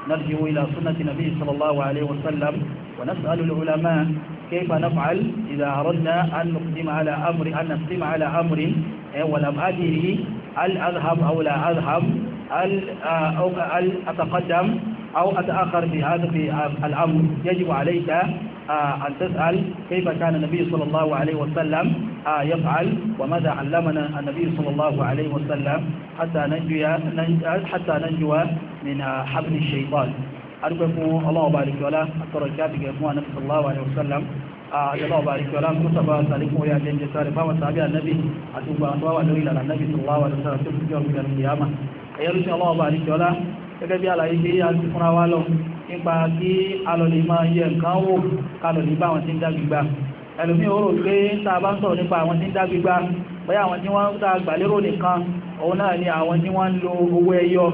نرجع إلى سنة النبي صلى الله عليه وسلم ونسأل العلماء كيف نفعل إذا أردنا أن نقدم على أمر أن نقدم على أمر إيه، ولم أدري هل أذهب أو لا أذهب هل آه، أو هل أتقدم أو أتأخر في هذا في الأمر يجب عليك آه، أن تسأل كيف كان النبي صلى الله عليه وسلم يفعل وماذا علمنا النبي صلى الله عليه وسلم حتى ننجو حتى ننجو من حبل الشيطان أرجوكم الله بارك ولا أترجى بكم النبي صلى الله عليه وسلم الله بارك ولا كتب عليكم يا جن جسار فما تابع النبي أتوبا أتوبا لو إلى النبي صلى الله عليه وسلم في يوم القيامة أيها الله بارك ولا gẹ́gẹ́ bí àlàyé ṣe yá ti nípa kí alọ̀lẹ̀ máa yẹ nǹkan wò kálọ̀lẹ̀ bá wọn ti ń dá ẹlòmí òórò pé tá bá ń sọ̀rọ̀ nípa àwọn tí ń dágbígbá bóyá àwọn tí wọ́n tá a nìkan òun náà ni àwọn tí wọ́n ń lo owó ẹyọ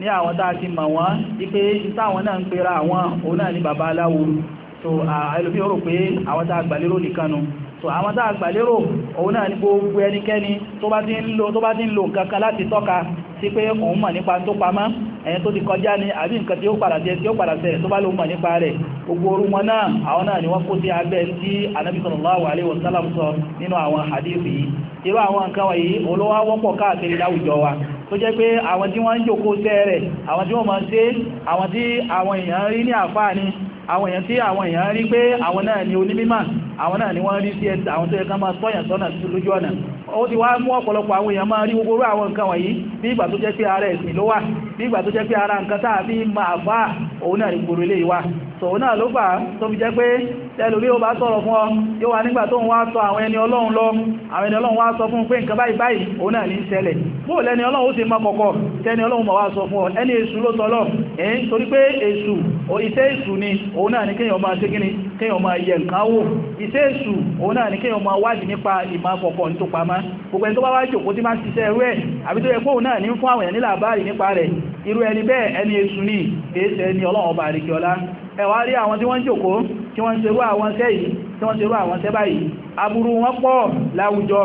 ní àwọn tá ti mọ̀ wọ́n wípé táwọn náà ń pera àwọn òun náà ni bàbá aláwo so ẹlòmí òórò pé àwọn tá a nìkan nu so àwọn tá a òun náà ni gbogbo ẹnikẹ́ni tó bá ti ń lo nǹkan kan láti tọ́ka sí pé òun mọ̀ nípa tó pamọ́ ẹ̀yẹn tó ti kọjá ní àbí nǹkan tí ó padà jẹ tí ó padà ṣẹlẹ̀ tó bá ló mọ̀ nípa rẹ̀ gbogbo orú náà àwọn náà ni wọ́n kó sí abẹ́ tí Ànábì sallallahu alaihi wasallam sọ nínú àwọn hadith yìí irú àwọn nǹkan wọ̀nyí olówó wọ́pọ̀ káàkiri láwùjọ wa tó ni àwọn èèyàn náà ni onímímà àwọn náà ni wọ́n rí sí ẹ̀sà àwọn tó yẹ máa sọ́yàn sọ́nà lójú ọ̀nà ó ti wá mú ọ̀pọ̀lọpọ̀ àwọn èèyàn máa rí gbogbo àwọn nǹkan wọ̀nyí bí ìgbà tó jẹ́ pé ara ẹ̀sìn ló wà bí ìgbà tó jẹ́ pé ara nǹkan táà fi máa fáà òun náà ní gbòrò ilé ìwà tòun náà ló gbà tó fi jẹ́ pé tẹ́lórí ó bá sọ̀rọ̀ fún ọ yóò wà nígbà tó ń wá sọ àwọn ẹni ọlọ́run lọ àwọn ẹni ọlọ́run wá sọ fún pé nǹkan báyìí báyìí òun náà ní ṣẹlẹ̀ bó lẹ́ni ọlọ́run ó sì mọ kọ̀kọ̀ ni òun náà ní kéèyàn máa ṣe kíni kéèyàn máa yẹ nǹkan wò iṣẹ́ èṣù òun náà ní kéèyàn máa wádìí nípa ìmọ̀ kọ̀kọ̀ ní tó pamá gbogbo ẹni tó bá wá jòkó tí irú ẹni bẹ́ẹ̀ ẹni èṣù ni kèé ẹni ọlọ́run bá àríkẹ́ ọlá ẹwà rí àwọn tí wọ́n ń jòkó tí wọ́n ń ṣerú àwọn ṣẹ́ yìí tí wọ́n ń ṣerú àwọn ṣẹ́ báyìí aburú wọn pọ̀ láwùjọ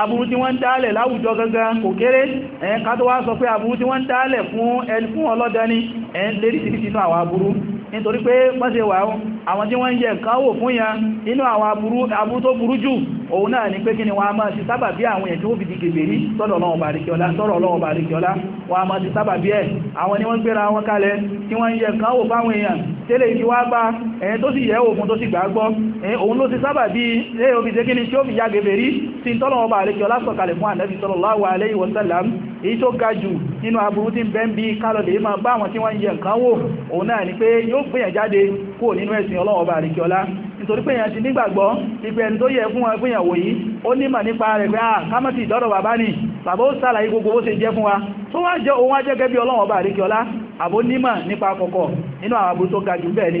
aburú tí wọ́n ń dálẹ̀ láwùjọ gangan kò kéré ẹ̀yẹn ká tó wá sọ pé aburú tí wọ́n dálẹ̀ fún ọlọ́dání ẹ̀yẹn lérí sí nínú àwọn aburú nítorí pé wọ́n ṣe wà àwọn tí wọ́n ń yẹ nǹkan wò fún yan nínú àwọn aburú tó burú jù òun náà ni pé kí ni wọ́n a máa ti sábà bí àwọn èèyàn tí ó fi di kèbèrí sọ́dọ̀ ọlọ́run bàríkíọlá sọ́rọ̀ ọlọ́run bàríkíọlá wọ́n a máa ti sábà bí ẹ̀ àwọn ni wọ́n gbéra wọn kalẹ̀ tí wọ́n yẹ kan wò fáwọn èèyàn tẹ́lẹ̀ ìdí wá bá ẹ̀yẹn tó sì yẹ òfin tó sì gbàgbọ́ òun ló ti sábà bí ilé òfin tẹ́kí ni tí ó fi ya gèbèrí tí tọ́lọ̀wọ́ bá àríkíọlá sọ̀kalẹ̀ fún ànẹ́bí sallallahu alaihi wasallam èyí tó ga jù nínú aburú tí ń bẹ ń bí kálọ̀dẹ̀ máa bá àwọn tí wọ́n ń yẹ nǹkan wò òun náà ni pé yóò gbìyànjáde kúrò nínú ẹ̀sìn ọlọ́wọ́ bá nítorí pé èyàn ti nígbàgbọ́ ìpẹ́ ẹni tó yẹ fún wọn fún ìyàwó yìí ó nímọ̀ nípa rẹ̀ pé àà ah, kámọ́tì ìdọ́rọ̀ bàbá ni bàbá ó sàlàyé gbogbo ó ṣe jẹ́ fún wa tó wá jẹ́ òun ajẹ́gẹ́ bí ọlọ́wọ̀n ọba àríkíọlá àbó nímọ̀ nípa kọ̀kọ̀ nínú àwọn àbúrú tó bẹ́ẹ̀ ni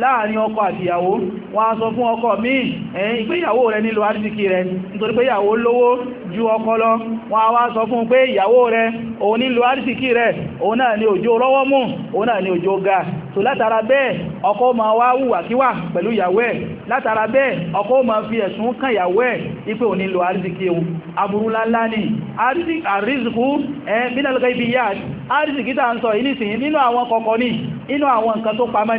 láàrin ọkọ àti ìyàwó wọ́n á sọ fún ọkọ míì ẹ̀yìn ìgbéyàwó rẹ nílò àrísìkí rẹ nítorí pé ìyàwó lówó ju ọkọ lọ wọ́n á wá sọ fún pé ìyàwó rẹ òun nílò àrísìkí rẹ òun náà ni òjò rọ́wọ́ mú òun náà ni òjò ga so látara bẹ́ẹ̀ ọkọ máa wá wùwàkíwà pẹ̀lú ìyàwó ẹ̀ látara bẹ́ẹ̀ ọkọ máa fi ẹ̀sùn kàn ìyàwó ẹ̀ ipé òun nílò àrísìkí o aburú láńlá ni àrísìkú ẹ̀ bínàlùkẹ́ ibi yáà àrísìkí tàà ń sọ ìnísìn nínú àwọn kọ̀kọ̀ ní inú àwọn nǹkan tó pamọ́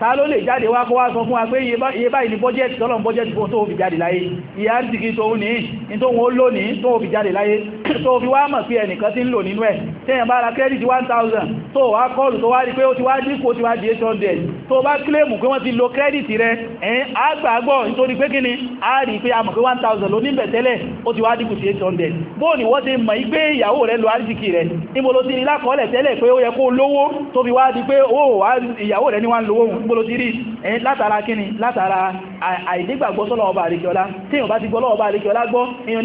ta ló lè jáde wá kó wá sọ fún wa pé iye báyìí ni bọ́jẹ́tì tọ́lọ̀n bọ́jẹ́tì fún tó fi jáde láyé ìyá ń tìkí tó ní tó wọ́n lò ní tó fi jáde láyé tó fi wá mọ̀ pé ẹnìkan ti ń lò nínú ẹ̀ tẹ́yàn bá ra kẹ́rìtì 1000 tó wá kọlù tó wá rí pé ó ti wá dínkù ó ti wá di 800 tó bá kílèmù pé wọ́n lo ni wọ́n ti mọ̀ yí pé ìyàwó rẹ lo àrísìkì rẹ níbo ló ti rí lákọọ́lẹ̀ tẹ́lẹ̀ pé ó yẹ kó lówó tó fi wá di pé ó wá ń lówó gbọ́lọ́ ti rí ẹ̀yìn látara kíni látara àìdígbàgbọ́ sọ́lọ̀ ọba àríkíọlá tí èyàn bá ti gbọ́lọ́ ọba àríkíọlá gbọ́ èyàn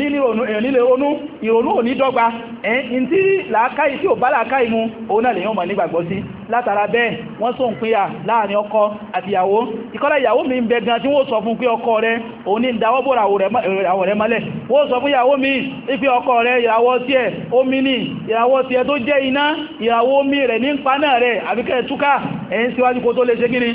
nílé ronú ìrònú ò ní dọ́gba ẹ̀yìn tí làákàyè tí ò bá làákàyè mu òun náà lèyàn mọ̀ nígbàgbọ́ sí látara bẹ́ẹ̀ wọ́n sọ ń pínyà láàrin ọkọ àti ìyàwó ìkọ́lá ìyàwó mi ń bẹ gan tí wọ́n sọ fún pé ọkọ rẹ òun ní ìdáwọ́bòrò àwọ̀ rẹ mọ́lẹ̀ wọ́n sọ fún ìyàwó mi pé ọkọ rẹ ìràwọ̀ tí ẹ̀ omi ní ìràwọ̀ tí ẹ tó jẹ́ iná ìràwọ̀ omi rẹ̀ ní ń paná rẹ̀ àbíkẹ́ túká ẹ̀yìn síwájú kó tó lè ṣe gíní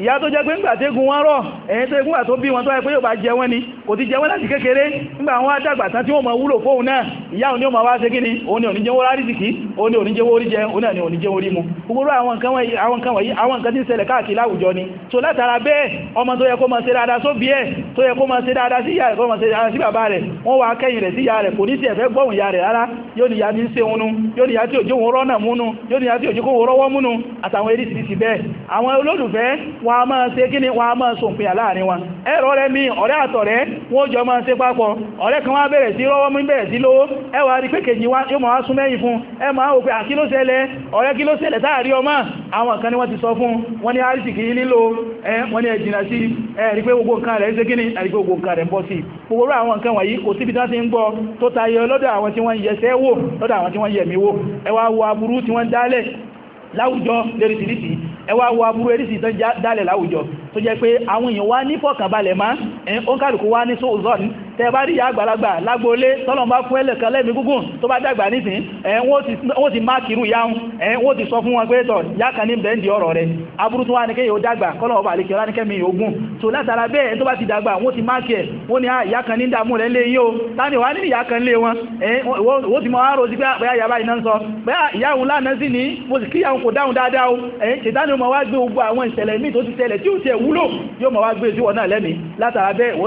ìyá tó jẹ́ pé ń gbàtégún wọ́n rọ̀ ẹ̀yìn tó egúngbà tó bí wọn tó ẹ pé yóò bá jẹ wọ́n ni kò ti jẹ wọ́n láti kékeré nígbà wọn àdàgbà tán tí wọ́n máa wúlò fóun náà ìyá òní ọmọ wá ṣe kí ni òun ni òníjẹ́wó rárìsìkí òun ni òníjẹ́wó orí jẹ òun náà ni so látara bẹ́ẹ̀ ọmọ tó yẹ kó máa ṣe dáadáa sóbi ẹ̀ tó yẹ kó máa ṣe dáadáa sí ìyá rẹ̀ kó máa ṣe dáadáa sí bàbá rẹ̀ wọ́n wá kẹ́yìn rẹ̀ sí ìyá rẹ̀ kò ní sí ẹ̀fẹ́ gbọ́hùn wọ́n a máa ṣe kí ni wọ́n a máa sùn pìyà láàrin wọn ẹ̀rọ rẹ̀ mi ọ̀rẹ́ àtọ̀rẹ́ wọ́n jọ máa ṣe papọ̀ ọ̀rẹ́ kan wá bẹ̀rẹ̀ sí rọ́wọ́ mú bẹ̀rẹ̀ sí lówó ẹ wá rí pé kejì wá yóò máa sún mẹ́yìn fún ẹ máa wò pé àkí ló ṣẹlẹ̀ ọ̀rẹ́ kí ló ṣẹlẹ̀ táàrí ọmọ àwọn kan ni ni àrí pé gbogbo nǹkan rẹ̀ ń bọ́ sí gbogbo àwọn nǹkan wọ̀nyí kò síbi tán ti ń gbọ́ wo aburú tí wọ́n láwùjọ lérísìírísìí ẹ wá wo aburú erísìí tó dálẹ̀ láwùjọ tó jẹ́ pé àwọn èèyàn wá ní fọ̀kànbalẹ̀ má ẹ̀ ó kálukú wá ní sóòzọ́ni tẹ́bárí ìyá àgbàlagbà lágbólé tọ́lọ̀n bá fún ẹlẹ̀kan lẹ́mí gúgùn tó bá dàgbà nísìn ẹ̀yìn wọ́n ti máa kìrù yáhùn ẹ̀yìn wọ́n ti sọ fún wọn pé tọ̀ yáka ní bẹ̀ẹ́ndì ọ̀rọ̀ rẹ̀ aburú tó wá ní kéyìí ó dàgbà kọ́lọ̀ ọba àlekẹ́ ọlá ní kẹ́mi ogun tó látara bẹ́ẹ̀ tó bá ti dàgbà wọ́n ti máa kẹ̀ wọ́n ní ah, ìyá kan ní dààmú rẹ̀ lé yíò tani wà ní ìyá kan lé wọn wọ́n ti mọ àárò sí pé bẹ́ẹ̀ ìyá báyìí náà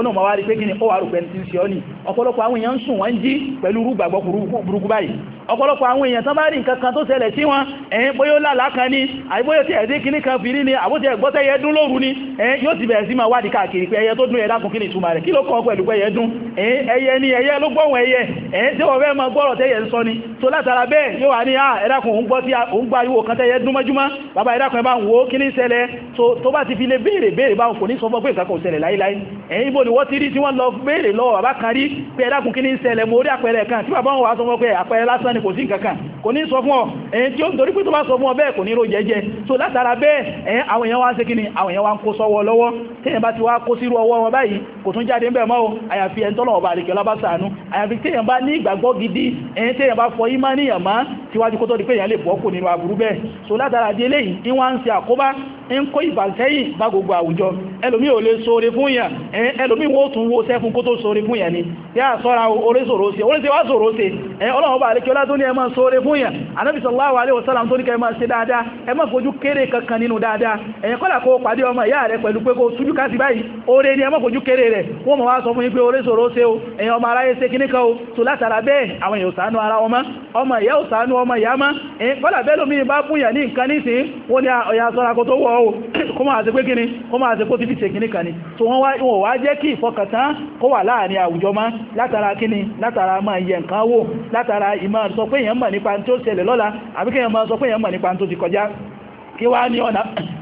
ni ó wà rò pẹ́ntì ń ṣe ọ́ nì ọ̀pọ̀lọpọ̀ àwọn èèyàn ń sùn wọ́n jí pẹ̀lú rúgbàgbọ́ burúkú báyìí ọ̀pọ̀lọpọ̀ àwọn èèyàn tán bá rí nǹkan kan tó ṣẹlẹ̀ sí wọn ẹ̀yìn bóyó lálàá kan ní àìbóyó tí ẹ̀dí kìíní kan fìrí ni àbótí ẹ̀gbọ́tẹ́ yẹ lóru ni ẹ̀yìn yóò ti bẹ̀rẹ̀ sí máa wádìí káàkiri pé ẹyẹ tó dún ẹ̀dá kún kí ni rẹ̀ kí ló kọ́ pẹ̀lú pé ẹyẹ ẹ̀yẹ ni ẹyẹ ló gbọ́hùn ẹyẹ ẹ̀yìn tí wọ́n fẹ́ máa gbọ́rọ̀ tẹ́yẹ ń sọ ni so látara bẹ́ẹ̀ yóò wà ní à ah, ẹ̀dàkùn òun gbọ́ tí òun gba ìwò kan tẹ́yẹ dúnmọ́júmọ́ bàbá ẹ̀dàkùn ẹbá ń wo kí ní ṣẹlẹ̀ tó bá ti fi lè béèrè béèrè bá kò ní sọ pé nǹkan kò láíláí ẹ̀yìn ibo ni wọ́n ti rí tí wọ́n lọ béèrè lọ́wọ́ bàbá kan rí pé ẹ̀dàkùn kí ní ṣẹlẹ̀ mo rí àpẹẹrẹ kan tí bàbá wọn wá sọ fún pé àpẹẹrẹ lásán ni kò sí nǹkan kan kò ní sọ fún ọ ẹ̀yìn tí ó ń torí pé tó bá sọ fún ọ bẹ́ẹ̀ kò ní ro jẹ́jẹ́ so látara bẹ́ẹ̀ ẹ̀yìn àwọn èèyàn wá ń ṣe kí ni àwọn èèyàn wá ń kó sọ́wọ́ lọ́wọ́ téèyàn bá ti wá kó sírú ọwọ́ wọn báyìí kò tún jáde ń bẹ̀ mọ́ o àyàfi ẹni tọ́lọ̀ ọba àlèkè ọlá bá sàánú àyàfi bá ní ìgbàgbọ́ gidi ẹ̀yìn téèyàn bá fọ ìmáníyàn má tíwájú kó tó di pé èyàn lè bọ́kù nínú aburú bẹ́ẹ̀ so látara di eléyìí ní wá ń ṣe àkóbá ń kó ìbànsẹ́yìn bá gbogbo àwùjọ ẹlòmí ò lè sóre fún yàn ẹlòmí wọ́n tún wo sẹ́fún kó tó sóre fún yàn ni yá sọ́ra orí sòro ṣe orí ṣe wá sòro ṣe ọlọ́run bá àríkẹ́ ọlá tó ní ẹ máa sóre fún yàn Ànábì sallallahu alaihi wasallam tó ní kẹ́ máa ṣe dáadáa ẹ má fojú kéré kankan nínú dáadáa ẹ̀yìn kọ́lá kó pàdé ọmọ ìyá rẹ pẹ̀lú pé kó sújú ká sí báyìí oore ni ẹ má fojú kéré rẹ̀ wọ́n mọ̀ wá sọ fún yín pé orí sòro ṣe o ẹ̀yìn ọmọ aráyé ṣe kíníkan o tó àwọn èèyàn sàánú ara wọn mọ́ ọmọ ìyá ò sàánú ọmọ ìyá má kọ́lá bẹ́lú mi bá búyàn ní nǹkan nísìn wọ́n ní ọ̀yà sọ́ra tó wọ́ o kó máa pé kíni kó máa ti kan ni tó wọ́n wá jẹ́ kí ìfọkàntán kó wà láàrin àwùjọ má látara kíni látara máa yẹ nǹkan wò látara ìmọ̀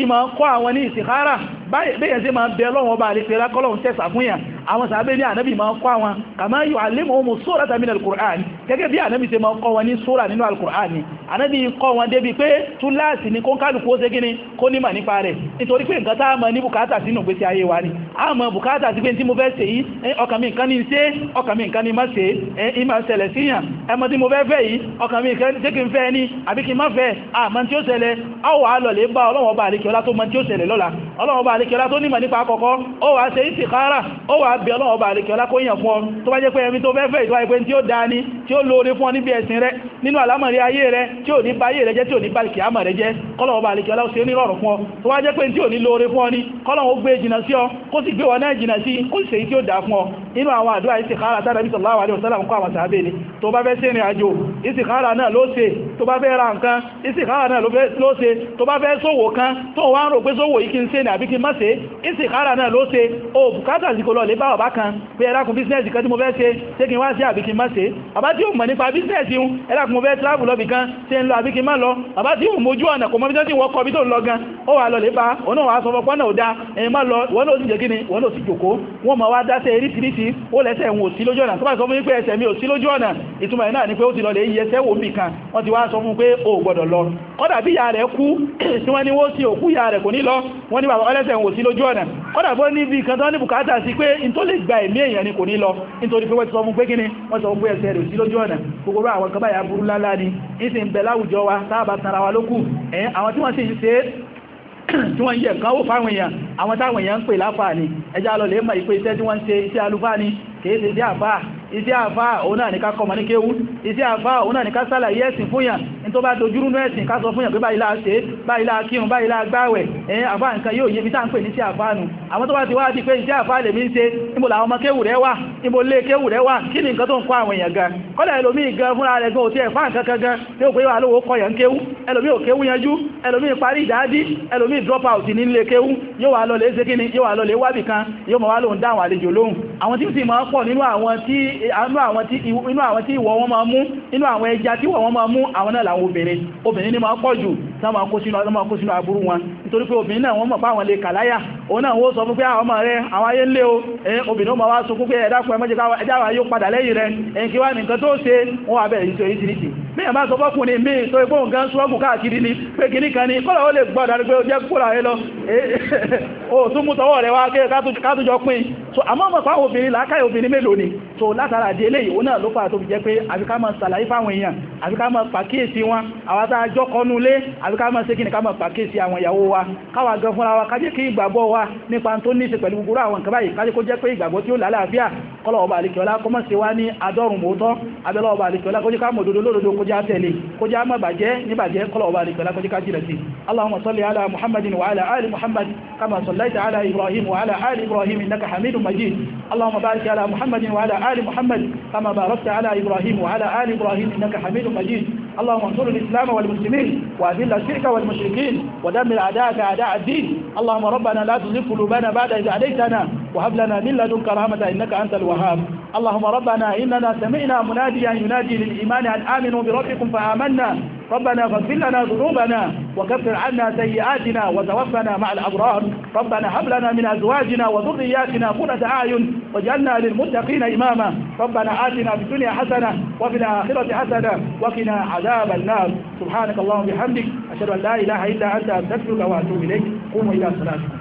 fi ma kọ́ àwọn ní istikhara bẹ́yẹ̀ sí máa bẹ lọ́wọ́ bá lè pẹ̀lá kọ́lọ̀un tẹ́sà fún yàn àwọn sàábé ní ànábì máa kọ́ àwọn kàmá yóò alẹ́mọ̀ ohun sóòrà tàbí alkùnrin gẹ́gẹ́ bí ànábì ṣe máa kọ́ wọn ní sóòrà nínú alkùnrin ànábì kọ́ wọn débi pé túláàsì ní kó kálùkù ó ṣe gíní kó nímà nípa rẹ̀ nítorí pé nǹkan táàmà ní bùkátà sínú gbésí ayé wa ni a mọ̀ bùkátà sí pé tí mo fẹ́ ṣe yìí ọkàn mi nǹkan ní ṣe ọkàn mi nǹkan ní má ṣe ìmà ṣẹlẹ̀ síyàn ẹmọ tí mo fẹ́ fẹ́ yìí ọkàn mi nǹkan tí kí n fẹ́ ní àbí kí n má fẹ́ àmọ́ tí ó ṣẹlẹ̀ a wà á lọ lè bá ọlọ́wọ́ bá àríkẹ́ ọlá tó mọ tí ó ṣẹlẹ̀ lọ́la ọlọ́wọ́ bá alékẹ́lá tó nímọ̀ nípa àkọ́kọ́ ó wà ṣe ìsìkára ó wà bí ọlọ́wọ́ bá alékẹ́lá kó yàn fún ọ tó bá jẹ́ pé ẹni tó fẹ́fẹ́ ìtọ́ àìpé tí ó dáa ní tí ó lóore fún ọ níbi ẹ̀sìn rẹ nínú àlámọ̀rí ayé rẹ tí ò ní bá ayé rẹ jẹ́ tí ò ní bá kìámọ̀ rẹ jẹ́ kọ́lọ̀wọ́ bá alékẹ́lá ṣe ní rọrùn fún ọ tó wá jẹ́ pé tí ò ní lóore fún ọ ní kọ́lọ̀wọ́ gbé jìnà sí ọ kó sì gbé wọn náà jìnà sí kó bá fẹ́ sẹ́rin àjò ìsìkára náà ló fẹ́ ra tó bá fẹ́ sówò kan tó wá ń rò pé sówò yìí kí ń àbí kí má ṣe ìsìkára náà ló ṣe o bùkátà sí kò lọ lè bá ọ̀bá kan pé ẹlákùn bísínẹ̀sì kan tí mo fẹ́ ṣe tí kí wá sí àbí kí má ṣe àbá tí ó mọ̀ nípa bísínẹ̀sì un ẹlákùn mo fẹ́ tíráàbù lọ bìkan tí ń lọ àbí kí má lọ àbá tí ó mójú ọ̀nà kò mọ́bí tí wọ́n kọ bí tó lọ gan ó wà wọ́n ni pé ó ti lọ lè yí ẹsẹ̀ wò mí kan wọ́n ti wá sọ fún pé ó gbọ́dọ̀ lọ kódà bí ìyá rẹ̀ kú lọ wọ́n àwọn ọlẹ́sẹ̀ ń wò sí lójú ọ̀nà kọ́dà bó ní kan tó ní bùkátà sí pé in tó lè gba ẹ̀mí èèyàn ni kò ní lọ nítorí pé wọ́n ti sọ fún pé kíni wọ́n sọ fún ẹsẹ̀ rẹ̀ sí lójú ọ̀nà gbogbo àwọn kan báyà burú lálá ni ìsìn bẹ̀ láwùjọ wa táàbà tara wa lókù ẹ̀yìn àwọn tí wọ́n sì ń ṣe tí wọ́n yẹ̀ kan ó fáwọn iṣẹ́ àfáà òun náà ní ká kọmọ ní kéwú iṣẹ́ àfáà òun náà ní ká sàlàyé ẹ̀sìn fúnyàn ní tó bá dojúrú ní ẹ̀sìn ká sọ fúnyàn pé báyìí la ṣe báyìí la kírun báyìí la gbáwẹ̀ ẹ̀yìn àfáà nǹkan yóò yé bí tá ń pè ní iṣẹ́ àfáà nù àwọn tó bá ti wá di pé iṣẹ́ àfáà lèmi ń ṣe níbo làwọn ọmọ kéwù rẹ wà níbo lé kéwù rẹ wà kí ni nǹkan tó ń kọ́ àwọn èèyàn gan kọ́lẹ̀ ẹlòmíì gan fúnra rẹ̀ gan ò ti nǹkan kan gan tí ó wà lówó kọ́ yẹn kéwú ẹlòmíì ò kéwú yanjú ẹlòmíì parí ìdádí ẹlòmíì drop out ní ilé kéwú yóò wà lọ lè ṣe kíni yóò wà lọ lè wábì kan yóò mọ̀ wá lóhun dáhùn àlejò lóhun àwọn tí ó sì máa pọ̀ nínú àwọn tí inú àwọn tí ìwọ̀ wọn máa mú inú àwọn ẹja tí wọ́n máa mú àwọn náà làwọn obìnrin obìnrin ni máa pọ̀ jù sáwọn kó sínú aburú wọn nítorí pé obìnrin náà wọ́n mọ̀ fáwọn lè kàláyà òun náà wó sọ fún pé àwọn ah, ọmọ rẹ àwọn ayé ń lé o obìnrin ma wá sunkún pé ẹ̀dàkùn ẹmọ́jẹ́ ẹjáwà yóò padà lẹ́yìn rẹ ẹ̀yìn kí wá nìkan tó ṣe ni pé kì níkan ni kọ́lọ̀ ó lè gbọ́ ọ̀dà pé ó jẹ́ kúrò rẹ lọ ó tún mú tọwọ́ rẹ wá so àmọ́ látara àdílé ìwò náà ló fà tó fi jẹ́ pé àfikà mọ̀ sàlàyé fáwọn èèyàn àfikà mọ̀ pàkíyèsí wọn àwọn tá a jọ kọnú lé àfikà mọ̀ sí kíni ká mọ̀ pàkíyèsí àwọn ìyàwó wa káwà gan fúnra wa kájẹ́ kí ìgbàgbọ́ wa nípa tó ní í ṣe pẹ̀lú gbogbo àwọn nǹkan báyìí kájẹ́ kó jẹ́ pé ìgbàgbọ́ tí wa ní adọ́rùn mọ́tọ́ على محمد وعلى آل محمد كما صليت على إبراهيم وعلى آل إبراهيم إنك حميد مجيد اللهم بارك على محمد وعلى آل محمد محمد كما باركت على إبراهيم وعلى آل إبراهيم إنك حميد مجيد اللهم انصر الإسلام والمسلمين وأذل الشرك والمشركين ودمر أعداءك أعداء الدين اللهم ربنا لا تزغ قلوبنا بعد إذ هديتنا وهب لنا من لدنك رحمة إنك أنت الوهاب اللهم ربنا إننا سمعنا مناديا ينادي للإيمان أن آمنوا بربكم فآمنا ربنا غفر لنا ذنوبنا وكفر عنا سيئاتنا وتوفنا مع الأبرار ربنا هب لنا من أزواجنا وذرياتنا قرة أعين واجعلنا للمتقين إماما ربنا آتنا في الدنيا حسنة وفي الآخرة حسنة وقنا عذاب النار سبحانك اللهم وبحمدك أشهد أن لا إله إلا أنت أستغفرك وأتوب إليك قوموا إلى صلاتكم